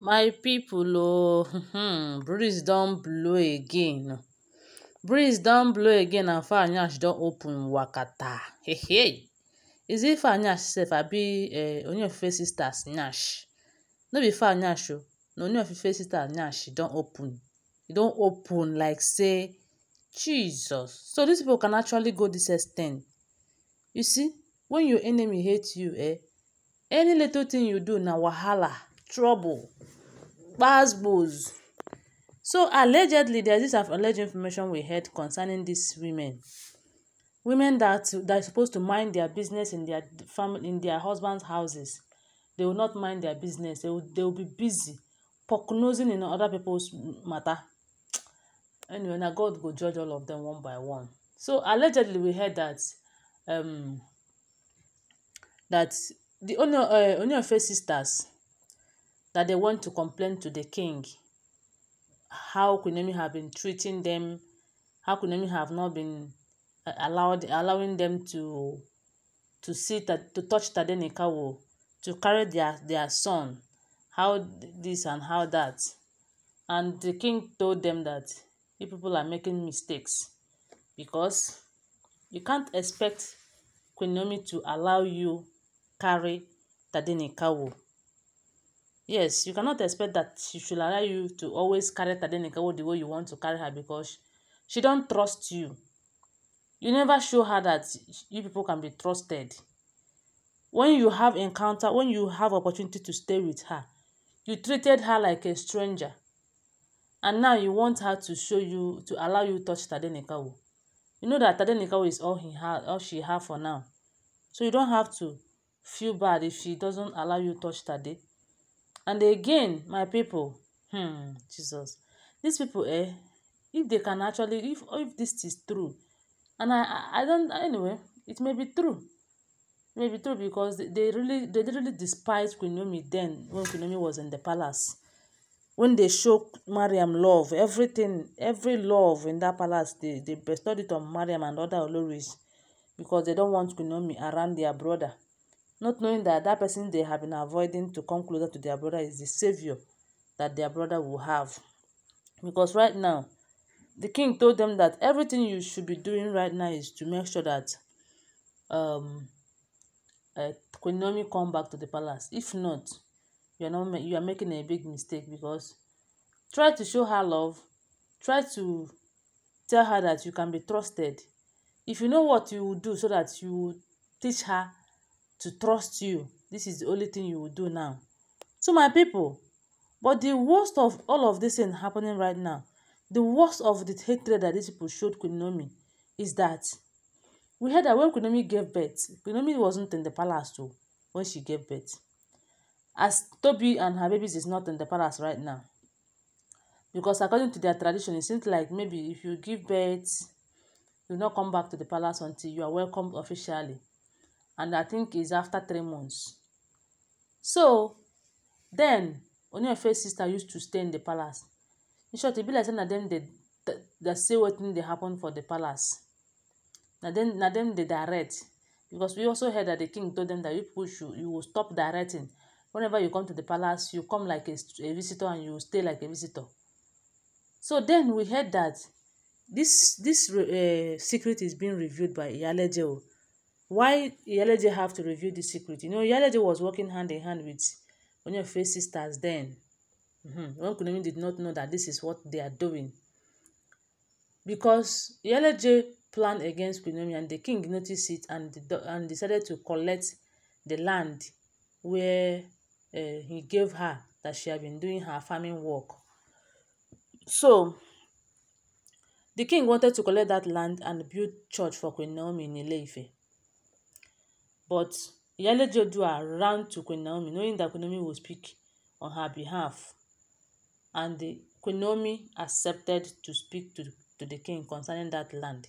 my people o um breeze don blow again breeze don blow again and fowl yansh don open wakata hey hey is it fowl yansh sef abi um eh, Ooni sisters yansh no be fowl yansh o na Ooni sisters yansh e don open e don open like say jesus so these people can actually go dis ex you see when your enemy hate you eh any little thing you do na wahala trouble gbas gbos so allegedly there is this alleged information we heard concerning these women women that that are supposed to mind their business in their family in their husbands houses they will not mind their business they will they will be busy pocknosing in other people's matter anyway na god will judge all of them one by one so allegedly we heard that um that the Ooni uh, only of Ife sisters that they want to complain to the king how Kunemi have been treating them, how Kunemi have not been uh, allowed allowing them to to see that to touch Tadenikawo, to carry their, their son, how this and how that. And the king told them that you people are making mistakes because you can't expect Kunemi to allow you carry Tadenikawo yes you cannot expect that she should allow you to always carry tadenikawo the way you want to carry her because she don trust you you never show her that you people can be trusted when you have encounter when you have opportunity to stay with her you treated her like a stranger and now you want her to show you to allow you touch tadenikawo you know that tadenikawo is all he had all she have for now so you don't have to feel bad if she doesn't allow you touch tade And again my people um Jesus dis people eh? if they can actually if if this is true and I I don't anyway it may be true it may be true because they, really they really despised Queen Naomi then when Queen Naomi was in the palace when they show Mariam love everything every love in that palace they they bestowed it on Mariam and other Oloris because they don't want Queen Naomi around their brother not knowing that that person they have been avoiding to come closer to their brother is the savior that their brother will have. Because right now, the king told them that everything you should be doing right now is to make sure that um, uh, Queen Naomi come back to the palace. If not, you are not you are making a big mistake because try to show her love, try to tell her that you can be trusted. If you know what you will do so that you teach her to trust you. This is the only thing you will do now. So my people, but the worst of all of this thing happening right now, the worst of the hatred that these people showed Kunomi is that we heard that when Kunomi gave birth, Kunomi wasn't in the palace too when she gave birth. As Toby and her babies is not in the palace right now. Because according to their tradition, it seems like maybe if you give birth, you will not come back to the palace until you are welcomed officially and I think it's after three months. So then first sister used to stay in the palace. In short, it be like say na dem dey dey say thing dey happen for the palace. Now then, now then they direct because we also heard that the king told them that you push should you will stop directing. Whenever you come to the palace, you come like a, a visitor and you stay like a visitor. So then we heard that this this uh, secret is being revealed by Iyaleje why Yeleje have to reveal the secret? You know, Yeleje was working hand in hand with Onyefe's sisters then. Mm-hmm. Onkunemi did not know that this is what they are doing. Because Yeleje planned against Kunomi and the king noticed it and, and decided to collect the land where uh, he gave her that she had been doing her farming work. So, the king wanted to collect that land and build church for Queen Naomi in Ileife. But Iyalode ran to Queen Naomi, knowing that Queen Naomi would speak on her behalf. And the, Queen Naomi accepted to speak to, to the king concerning that land.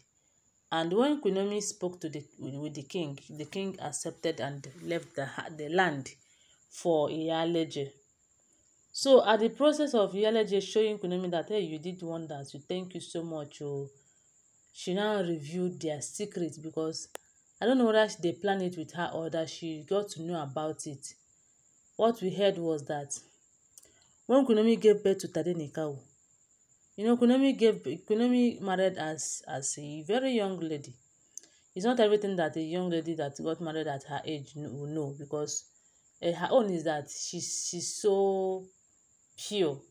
And when Queen Naomi spoke to the, with, with the king, the king accepted and left the, the land for Iyaleje. So at the process of Iyaleje showing Queen Naomi that, hey, you did wonders, you thank you so much, oh, she now revealed their secret because I don't know whether she dey plan it with her or that she got to know about it. What we heard was that when Kunomi gave birth to Tadenikawo, you know, Kunomi gave Kunomi married as as a very young lady. It's not everything that a young lady that got married at her age will know because uh, her own is that she's she's so pure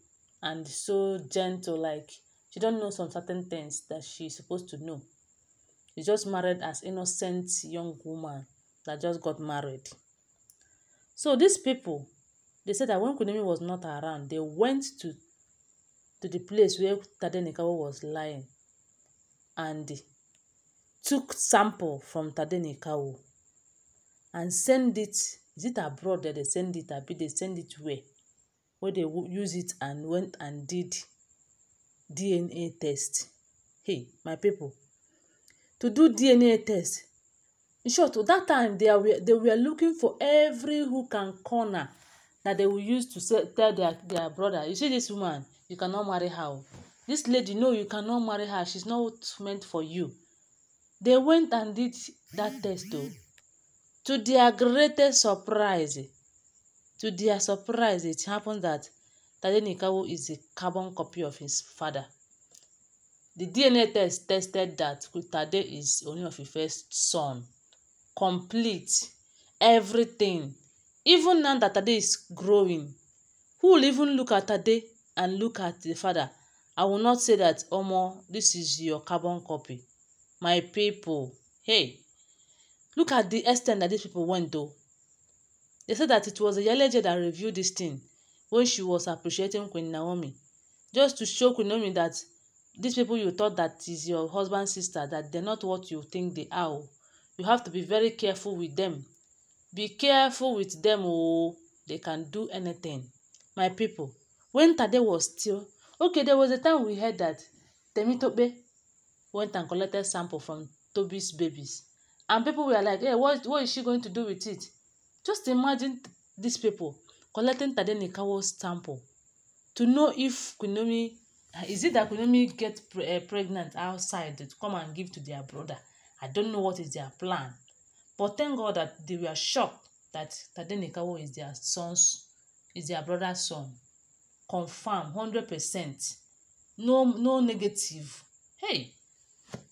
and so gentle, like she don't know some certain things that she's supposed to know. She just married as innocent young woman that just got married. So these people, they said that when Kunemi was not around, they went to to the place where Tade Tadenikawa was lying and took sample from Tade Tadenikawa and send it. Is it abroad that they send it? Abi they send it where? Where they use it and went and did DNA test. Hey, my people, to do DNA test. In short o, dat time they were they were looking for every hook and corner that they will use to say tell their their brother you see this woman you cannot marry her oh. this lady no you cannot marry her she's not meant for you. They went and did that test o. Oh. To their greatest surprise to their surprise it happened that Tadenikawo is a carbon copy of his father. The DNA test tested that crypto is Ooni of Ife's son. Complete. Everything. Even now that Tade is growing, who will even look at Tade and look at the father? I will not say that, Omo, this is your carbon copy. My people, hey, look at the extent that these people went though. They said that it was a Yeleje that reviewed this thing when she was appreciating Queen Naomi, just to show Queen Naomi that These people you thought that is your husband's sister, that they're not what you think they are. Oh. You have to be very careful with them. Be careful with them. Oh, they can do anything. My people, when Tade was still, okay, there was a time we heard that Temitope went and collected sample from Toby's babies. And people were like, hey, what, what is she going to do with it? Just imagine these people collecting Tade Nikawo's sample to know if Kunomi is it that Kunimi get pre- uh, pregnant outside to come and give to their brother? I don't know what is their plan. But thank God that they were shocked that Tadenikawo is their son's, is their brother's son. Confirm, 100%. No, no negative. Hey!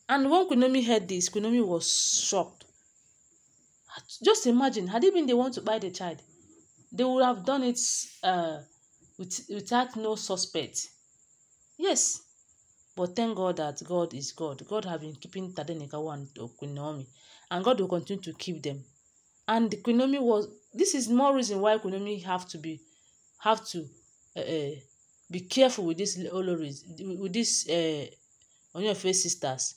And when Kunomi heard this, Kunomi was shocked. Just imagine, had it been they want to buy the child, they would have done it uh, with, without no suspect. Yes, but thank God that God is God. God has been keeping Tadenikawa and Queen Naomi, and God will continue to keep them. And the Queen Naomi was. This is more reason why Queen Naomi have to be, have to, uh, be careful with this Oloris, with these uh, face sisters,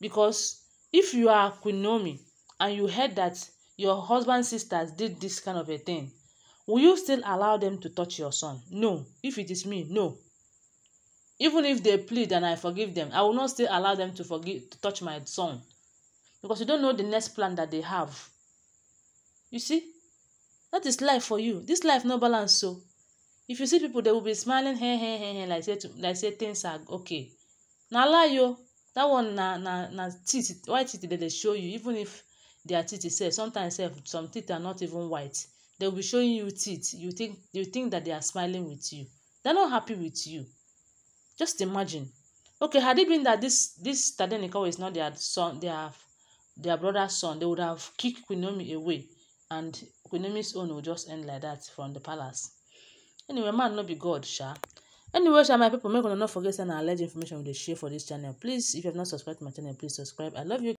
because if you are Queen Naomi and you heard that your husband's sisters did this kind of a thing, will you still allow them to touch your son? No. If it is me, no even if they plead and i forgive them i will not still allow them to forgive to touch my son because you don't know the next plan that they have you see that is life for you this life no balance so if you see people they will be smiling hey hey hey hey like say to, like say things are okay Now lie o oh. that one na na na teeth white teeth they dey show you even if their teeth sef sometimes sef some teeth are not even white they will be showing you teeth you think you think that they are smiling with you They're not happy with you Just imagine. Okay, had it been that this this Tadenikawa is not their son, their their brother's son, they would have kicked Kunomi away, and Kunomi's own would just end like that from the palace. Anyway, man, no be God, sha. Anyway, sha, my people, make sure not forget and alleged information we dey share for this channel. Please, if you have not subscribed to my channel, please subscribe. I love you.